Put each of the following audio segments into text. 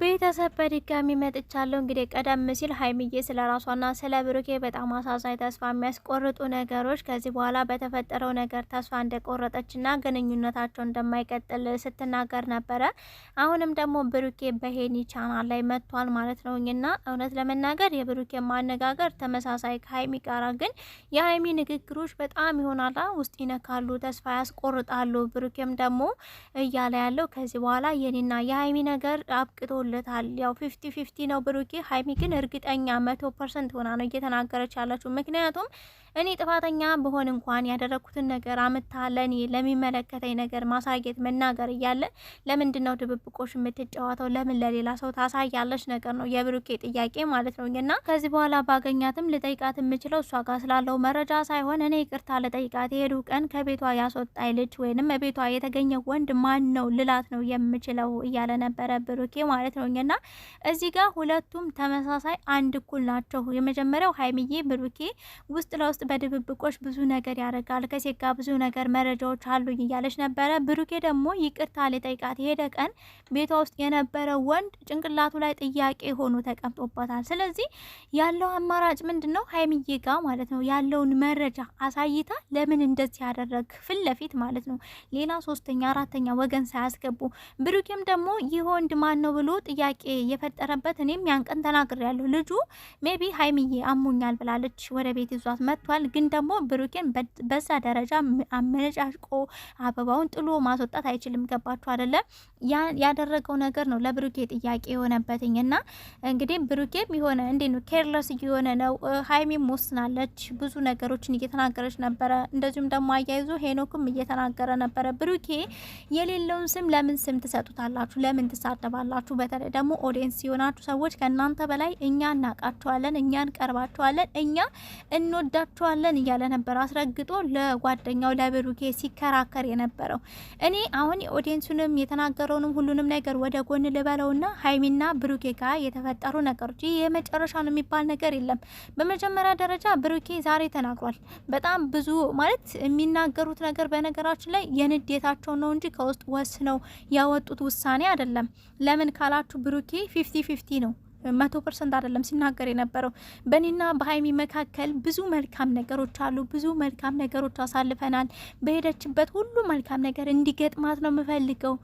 ቤተሰብ በድጋሚ መጥቻለሁ። እንግዲህ ቀደም ሲል ሀይሚዬ ስለ ራሷና ስለ ብሩኬ በጣም አሳዛኝ ተስፋ የሚያስቆርጡ ነገሮች ከዚህ በኋላ በተፈጠረው ነገር ተስፋ እንደቆረጠችና ግንኙነታቸው እንደማይቀጥል ስትናገር ነበረ። አሁንም ደግሞ ብሩኬ በሄኒ ቻናል ላይ መጥቷል ማለት ነውና እውነት ለመናገር የብሩኬ ማነጋገር ተመሳሳይ ከሀይሚ ጋራ፣ ግን የሀይሚ ንግግሮች በጣም ይሆናላ ውስጥ ይነካሉ፣ ተስፋ ያስቆርጣሉ። ብሩኬም ደግሞ እያለ ያለው ከዚህ በኋላ የኔና የሀይሚ ነገር አብቅቶ አድርገውለታል። ያው ፊፍቲ ፊፍቲ ነው ብሩኬ። ሀይሚ ግን እርግጠኛ መቶ ፐርሰንት ሆና ነው እየተናገረች ያለችው። ምክንያቱም እኔ ጥፋተኛ በሆን እንኳን ያደረግኩትን ነገር አምታ ለእኔ ለሚመለከተኝ ነገር ማሳየት መናገር እያለ ለምንድን ነው ድብብቆሽ የምትጫወተው? ለምን ለሌላ ሰው ታሳያለች? ነገር ነው የብሩኬ ጥያቄ ማለት ነው። እና ከዚህ በኋላ ባገኛትም ልጠይቃት የምችለው እሷ ጋር ስላለው መረጃ ሳይሆን እኔ ይቅርታ ልጠይቃት የሄዱ ቀን ከቤቷ ያስወጣይ ልጅ ወይንም ቤቷ የተገኘ ወንድ ማን ነው ልላት ነው የምችለው እያለ ነበረ ብሩኬ ማለት ማለት ነው። እኛና እዚህ ጋር ሁለቱም ተመሳሳይ አንድ እኩል ናቸው። የመጀመሪያው ሀይሚዬ ብሩኬ ውስጥ ለውስጥ በድብብቆች ብዙ ነገር ያደርጋል ከሴት ጋር ብዙ ነገር መረጃዎች አሉኝ እያለች ነበረ። ብሩኬ ደግሞ ይቅርታ ሊጠይቃት የሄደ ቀን ቤቷ ውስጥ የነበረ ወንድ ጭንቅላቱ ላይ ጥያቄ ሆኖ ተቀምጦበታል። ስለዚህ ያለው አማራጭ ምንድን ነው? ሀይሚዬ ጋር ማለት ነው ያለውን መረጃ አሳይታ ለምን እንደዚህ ያደረግ ፊት ለፊት ማለት ነው ሌላ ሶስተኛ አራተኛ ወገን ሳያስገቡ ብሩኬም ደግሞ ይህ ወንድ ማን ነው ብሎ ጥያቄ የፈጠረበት እኔም ያን ቀን ተናግሬያለሁ። ልጁ ሜቢ ሀይሚዬ አሙኛል ብላለች ወደ ቤት ይዟት መጥቷል። ግን ደግሞ ብሩኬን በዛ ደረጃ አመነጫጭቆ አበባውን ጥሎ ማስወጣት አይችልም። ገባችሁ አይደለም? ያደረገው ነገር ነው ለብሩኬ ጥያቄ የሆነበትኝ እና እንግዲህ ብሩኬም የሆነ እንዴት ነው ኬርለስ እየሆነ ነው። ሀይሚም ወስናለች፣ ብዙ ነገሮችን እየተናገረች ነበረ። እንደዚሁም ደግሞ አያይዞ ሄኖክም እየተናገረ ነበረ። ብሩኬ የሌለውን ስም ለምን ስም ትሰጡታላችሁ? ለምን ትሳደባላችሁ? በተለይ ደግሞ ኦዲየንስ የሆናችሁ ሰዎች ከእናንተ በላይ እኛ እናቃችኋለን፣ እኛ እንቀርባችኋለን፣ እኛ እንወዳችኋለን እያለ ነበር አስረግጦ ለጓደኛው ለብሩኬ ሲከራከር የነበረው። እኔ አሁን የኦዲየንሱንም የተናገረውንም ሁሉንም ነገር ወደ ጎን ልበለውና ሀይሚና ብሩኬ ጋር የተፈጠሩ ነገሮች ይህ የመጨረሻ ነው የሚባል ነገር የለም። በመጀመሪያ ደረጃ ብሩኬ ዛሬ ተናግሯል። በጣም ብዙ ማለት የሚናገሩት ነገር በነገራችን ላይ የንዴታቸው ነው እንጂ ከውስጥ ወስነው ያወጡት ውሳኔ አይደለም። ለምን ካላ Batu 50-50 não. መቶ ፐርሰንት አይደለም ሲናገር የነበረው። በእኔና በሀይሚ መካከል ብዙ መልካም ነገሮች አሉ። ብዙ መልካም ነገሮች አሳልፈናል። በሄደችበት ሁሉ መልካም ነገር እንዲገጥማት ነው የምፈልገው።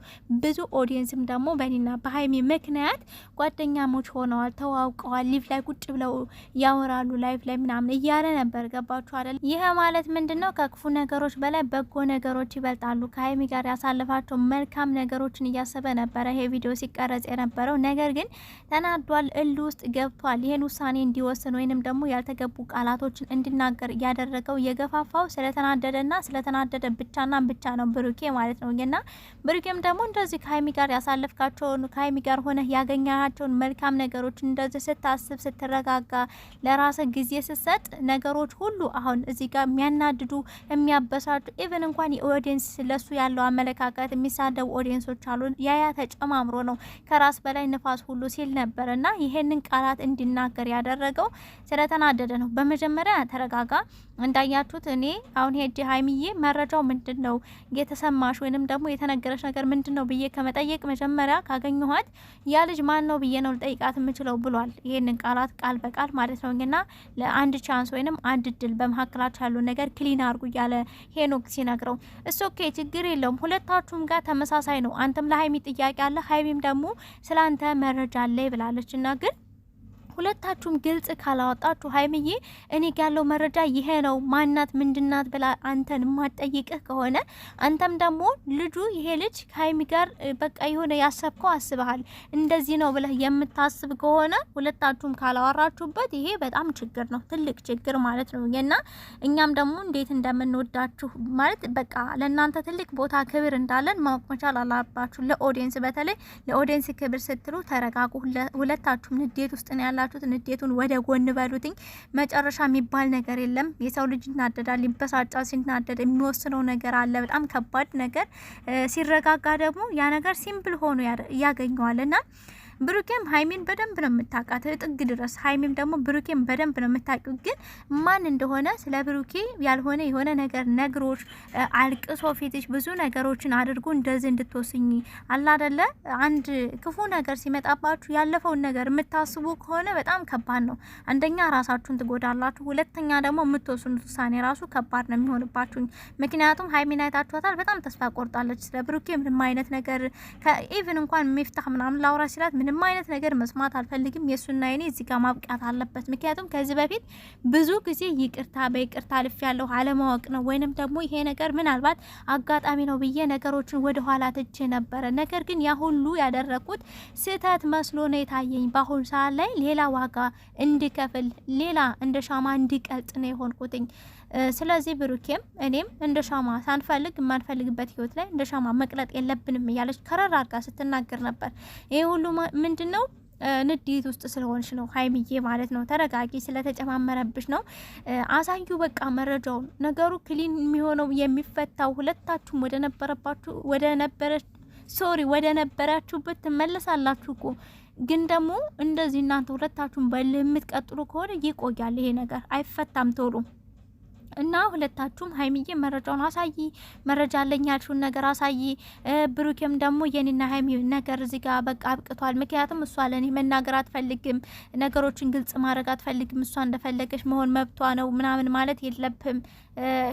ብዙ ኦዲየንስም ደግሞ በእኔና በሀይሚ ምክንያት ጓደኛሞች ሆነዋል፣ ተዋውቀዋል፣ ሊቭ ላይ ቁጭ ብለው ያወራሉ፣ ላይፍ ላይ ምናምን እያለ ነበር። ገባችሁ አይደል? ይህ ማለት ምንድን ነው? ከክፉ ነገሮች በላይ በጎ ነገሮች ይበልጣሉ። ከሀይሚ ጋር ያሳልፋቸው መልካም ነገሮችን እያሰበ ነበረ ይሄ ቪዲዮ ሲቀረጽ የነበረው ነገር ግን ተናዷል። ገብቷል፣ እል ውስጥ ገብቷል። ይህን ውሳኔ እንዲወስን ወይንም ደግሞ ያልተገቡ ቃላቶችን እንዲናገር ያደረገው የገፋፋው ስለተናደደና ስለተናደደ ብቻና ብቻ ነው ብሩኬ ማለት ነው። እና ብሩኬም ደግሞ እንደዚህ ከሀይሚ ጋር ያሳለፍካቸውን ከሀይሚ ጋር ሆነ ያገኛቸውን መልካም ነገሮች እንደዚህ ስታስብ ስትረጋጋ፣ ለራስ ጊዜ ስትሰጥ ነገሮች ሁሉ አሁን እዚህ ጋር የሚያናድዱ የሚያበሳጩ ኢቨን እንኳን የኦዲየንስ ለሱ ያለው አመለካከት የሚሳደቡ ኦዲየንሶች አሉ። ያያ ተጨማምሮ ነው ከራስ በላይ ንፋስ ሁሉ ሲል ነበር እና ይሄንን ቃላት እንዲናገር ያደረገው ስለተናደደ ነው። በመጀመሪያ ተረጋጋ፣ እንዳያችሁት እኔ አሁን ሄጄ ሀይሚዬ መረጃው ምንድን ነው የተሰማሽ ወይንም ደግሞ የተነገረች ነገር ምንድን ነው ብዬ ከመጠየቅ መጀመሪያ ካገኘኋት ያ ልጅ ማን ነው ብዬ ነው ልጠይቃት የምችለው ብሏል። ይህንን ቃላት ቃል በቃል ማለት ነው። እና ለአንድ ቻንስ ወይንም አንድ እድል በመካከላችሁ ያሉ ነገር ክሊን አርጉ እያለ ሄኖክ ሲነግረው እሱ ኦኬ ችግር የለውም ሁለታችሁም ጋር ተመሳሳይ ነው። አንተም ለሀይሚ ጥያቄ አለ፣ ሀይሚም ደግሞ ስለ አንተ መረጃ አለ ብላለች እና ግን ሁለታችሁም ግልጽ ካላወጣችሁ ሀይምዬ እኔ ያለው መረጃ ይሄ ነው፣ ማናት ምንድናት ብላ አንተን የማጠይቅህ ከሆነ አንተም ደግሞ ልጁ ይሄ ልጅ ከሀይሚ ጋር በቃ የሆነ ያሰብከው አስበሃል እንደዚህ ነው ብለህ የምታስብ ከሆነ ሁለታችሁም ካላወራችሁበት ይሄ በጣም ችግር ነው፣ ትልቅ ችግር ማለት ነው። እና እኛም ደግሞ እንዴት እንደምንወዳችሁ ማለት በቃ ለእናንተ ትልቅ ቦታ ክብር እንዳለን ማወቅ መቻል አላባችሁ። ለኦዲየንስ በተለይ ለኦዲየንስ ክብር ስትሉ ተረጋጉ። ሁለታችሁም ንዴት ውስጥ ነው ያላ ያላችሁት ንዴቱን ወደ ጎን በሉትኝ። መጨረሻ የሚባል ነገር የለም። የሰው ልጅ ይናደዳል፣ ሊበሳጫ ሲናደድ የሚወስነው ነገር አለ፣ በጣም ከባድ ነገር። ሲረጋጋ ደግሞ ያ ነገር ሲምፕል ሆኖ ያገኘዋል እና ብሩኬም ሀይሚን በደንብ ነው የምታውቃት ጥግ ድረስ፣ ሀይሚም ደግሞ ብሩኬም በደንብ ነው የምታውቂው። ግን ማን እንደሆነ ስለ ብሩኬ ያልሆነ የሆነ ነገር ነግሮች አልቅሶ ፊትሽ ብዙ ነገሮችን አድርጎ እንደዚህ እንድትወስኝ አላደለ። አንድ ክፉ ነገር ሲመጣባችሁ ያለፈውን ነገር የምታስቡ ከሆነ በጣም ከባድ ነው። አንደኛ ራሳችሁን ትጎዳላችሁ፣ ሁለተኛ ደግሞ የምትወስኑት ውሳኔ ራሱ ከባድ ነው የሚሆንባችሁ። ምክንያቱም ሀይሚን አይታችኋታል፣ በጣም ተስፋ ቆርጣለች። ስለ ብሩኬ ምንም አይነት ነገር ከኢቭን እንኳን ሚፍታህ ምናምን ላውራ ሲላት ምንም አይነት ነገር መስማት አልፈልግም። የእሱና የኔ እዚህ ጋር ማብቃት አለበት። ምክንያቱም ከዚህ በፊት ብዙ ጊዜ ይቅርታ በይቅርታ ልፍ ያለሁ አለማወቅ ነው ወይንም ደግሞ ይሄ ነገር ምናልባት አጋጣሚ ነው ብዬ ነገሮችን ወደኋላ ትቼ ነበረ። ነገር ግን ያ ሁሉ ያደረኩት ስህተት መስሎ ነው የታየኝ። በአሁኑ ሰዓት ላይ ሌላ ዋጋ እንዲከፍል ሌላ እንደ ሻማ እንዲቀልጥ ነው የሆንኩትኝ። ስለዚህ ብሩኬም እኔም እንደ ሻማ ሳንፈልግ የማንፈልግበት ህይወት ላይ እንደ ሻማ መቅለጥ የለብንም እያለች ከረር አድርጋ ስትናገር ነበር። ይህ ሁሉ ምንድን ነው ንዴት ውስጥ ስለሆንሽ ነው ሀይሚዬ ማለት ነው። ተረጋጊ፣ ስለተጨማመረብሽ ነው። አሳዩ በቃ መረጃውን። ነገሩ ክሊን የሚሆነው የሚፈታው ሁለታችሁም ወደ ነበረባችሁ ወደ ነበረ ሶሪ ወደ ነበራችሁበት ትመለሳላችሁ እኮ ግን ደግሞ እንደዚህ እናንተ ሁለታችሁም በልህ የምትቀጥሉ ከሆነ ይቆያል ይሄ ነገር አይፈታም ቶሎ። እና ሁለታችሁም ሀይሚዬ መረጃውን አሳይ፣ መረጃ አለኝ ያልሽውን ነገር አሳይ። ብሩኬም ደግሞ የኔና ሀይሚ ነገር እዚህ ጋር በቃ አብቅቷል። ምክንያቱም እሷ ለእኔ መናገር አትፈልግም፣ ነገሮችን ግልጽ ማድረግ አትፈልግም። እሷ እንደፈለገች መሆን መብቷ ነው ምናምን ማለት የለብም።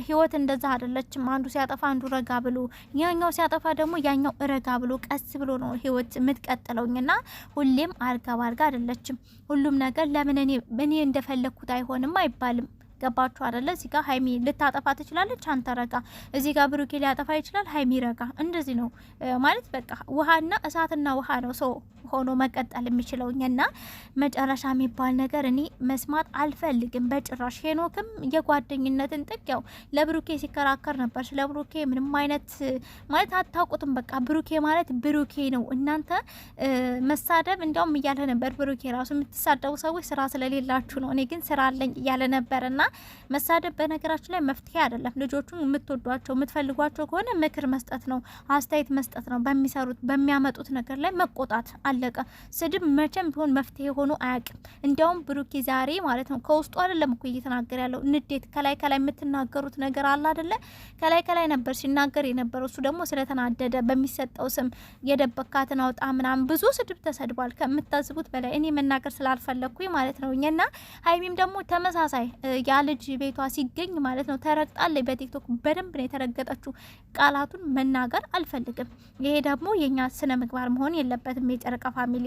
ህይወት እንደዛ አይደለችም። አንዱ ሲያጠፋ አንዱ ረጋ ብሎ፣ ያኛው ሲያጠፋ ደግሞ ያኛው ረጋ ብሎ ቀስ ብሎ ነው ህይወት የምትቀጥለውኝና ሁሌም አርጋ ባርጋ አይደለችም። ሁሉም ነገር ለምን እኔ እንደፈለግኩት አይሆንም አይባልም። ገባችሁ አይደለ? እዚህ ጋር ሀይሚ ልታጠፋ ትችላለች፣ አንተ ረጋ። እዚህ ጋር ብሩኬ ሊያጠፋ ይችላል፣ ሀይሚ ረጋ። እንደዚህ ነው ማለት በቃ ውሃና እሳትና ውሃ ነው ሰው ሆኖ መቀጠል የሚችለውና መጨረሻ የሚባል ነገር እኔ መስማት አልፈልግም በጭራሽ። ሄኖክም የጓደኝነትን ጥቅ ያው ለብሩኬ ሲከራከር ነበር። ስለ ብሩኬ ምንም አይነት ማለት አታውቁትም። በቃ ብሩኬ ማለት ብሩኬ ነው። እናንተ መሳደብ እንዲያውም እያለ ነበር ብሩኬ ራሱ የምትሳደቡ ሰዎች ስራ ስለሌላችሁ ነው፣ እኔ ግን ስራ አለኝ እያለ ነበር እና መሳደብ በነገራችን ላይ መፍትሄ አይደለም። ልጆቹን የምትወዷቸው የምትፈልጓቸው ከሆነ ምክር መስጠት ነው፣ አስተያየት መስጠት ነው። በሚሰሩት በሚያመጡት ነገር ላይ መቆጣት አለቀ። ስድብ መቼም ቢሆን መፍትሄ ሆኖ አያውቅም። እንዲያውም ብሩኪ ዛሬ ማለት ነው ከውስጡ አይደለም እኮ እየተናገር ያለው ንዴት፣ ከላይ ከላይ የምትናገሩት ነገር አለ አይደለ? ከላይ ከላይ ነበር ሲናገር የነበረው እሱ ደግሞ ስለተናደደ በሚሰጠው ስም የደበካትን አውጣ ምናምን ብዙ ስድብ ተሰድቧል፣ ከምታስቡት በላይ እኔ መናገር ስላልፈለግኩኝ ማለት ነው። እኛና ሀይሚም ደግሞ ተመሳሳይ ያ ልጅ ቤቷ ሲገኝ ማለት ነው ተረግጣለች። በቲክቶክ በደንብ ነው የተረገጠችው። ቃላቱን መናገር አልፈልግም። ይሄ ደግሞ የኛ ስነ ምግባር መሆን የለበትም። የጨረቃ ፋሚሊ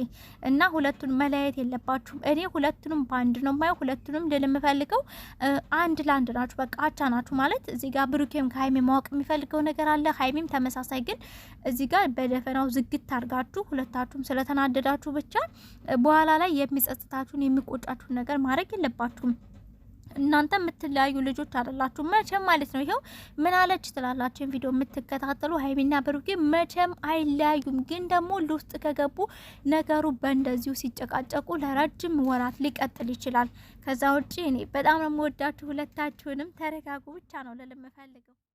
እና ሁለቱን መለያየት የለባችሁም። እኔ ሁለቱንም በአንድ ነው ማየው። ሁለቱንም ልል የምፈልገው አንድ ለአንድ ናችሁ፣ በቃ አቻ ናችሁ ማለት እዚህ ጋር ብሩኬም ከሀይሜ ማወቅ የሚፈልገው ነገር አለ፣ ሀይሜም ተመሳሳይ። ግን እዚህ ጋር በደፈናው ዝግት አድርጋችሁ ሁለታችሁም ስለተናደዳችሁ ብቻ በኋላ ላይ የሚጸጽታችሁን የሚቆጫችሁን ነገር ማድረግ የለባችሁም። እናንተ የምትለያዩ ልጆች አይደላችሁ መቼም ማለት ነው። ይኸው ምን አለች ትላላችሁ ቪዲዮ የምትከታተሉ ሀይሚና ብሩኬ መቼም አይለያዩም። ግን ደግሞ ልውስጥ ከገቡ ነገሩ በእንደዚሁ ሲጨቃጨቁ ለረጅም ወራት ሊቀጥል ይችላል። ከዛ ውጭ እኔ በጣም ነው የምወዳችሁ። ሁለታችሁንም ተረጋጉ ብቻ ነው ልል የምፈልገው።